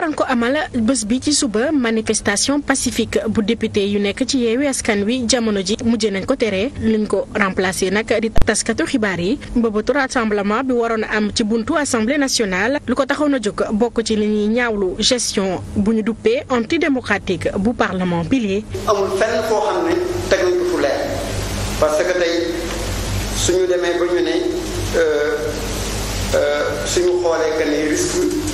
waroon ko amal bés bi bu député yu nekk ci yeewi askan wi ji mujj nañ ko tere luñ ko yi mbëbëtu bi a am ci buntu assemblée nationale lu ko taxaw na jóg bu ñu duppee antidémocratique bu parlement pilier amul fenn foo xam ne teg nañ ko parce que tey suñu demee ba ñu ne euh, euh, suñu xoolee que ni risque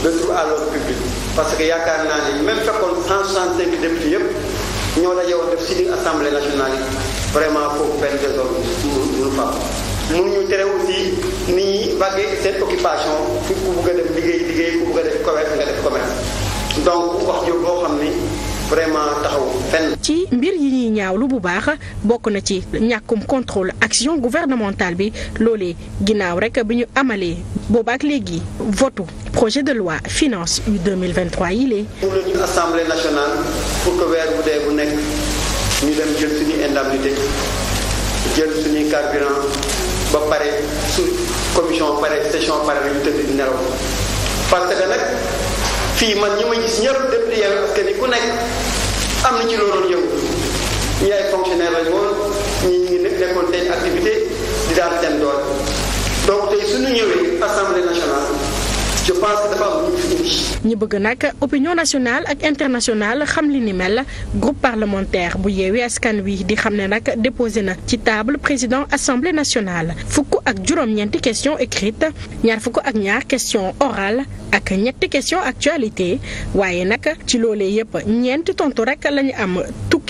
retour à l'ordre public parce que yaakaar naa ne même fekkoon 165 députés yëpp ñoo la yow def si biir assemblée nationale yi vraiment foofu benn désordre mu mu fa ñu tere aussi nit ñi bàggee seen occupation ku bugg a def liggéey liggéey ku bugg a def commerce nga def commerce donc wax jo boo xam ni. vraiment taxaw fenn. ci mbir yi ñuy ñaawlu bu baax bokk na ci ñàkkum contrôle action gouvernementale bi loolee ginnaaw rek bi ñu amalee boobaak léegi votu projet de loi finance yu 2023 yi lee. mu la ñu assemblée nationale pour que weer bu dee bu nekk ñu dem jël suñu indemnité jël suñuy carburant ba pare su commission pare session pare la tëdd nelaw parce que nag. fii man ñi ma gis ñëpp député Yewwi Askan Wi ku nekk am na ci loolu yow ñi ay fonctionnaire lañu woon ñi ngi nekkoon seen activité di daan seen doole donc tey suñu ñëwee assemblée nationale je pense que dafa am ñu bëgg nag opinion nationale ak internationale xam li ni mel groupe parlementaire bu yeewee askan wi di xam ne nag déposé na ci table président assemblée nationale fukk ak juróom-ñeenti question écrite ñaar fukk ak ñaar question orale ak ñetti question actualité waaye nag ci loolee yëpp ñeenti tontu rek lañu am.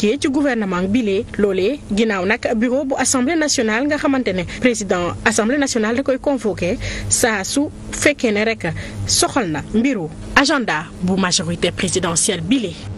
tukkee ci gouvernement bilee loolee ginnaaw nag bureau bu assemblée nationale nga xamante ne président assemblée nationale da koy convoqué saa su fekkee ne rek soxal na mbiru agenda bu majorité présidentielle bilee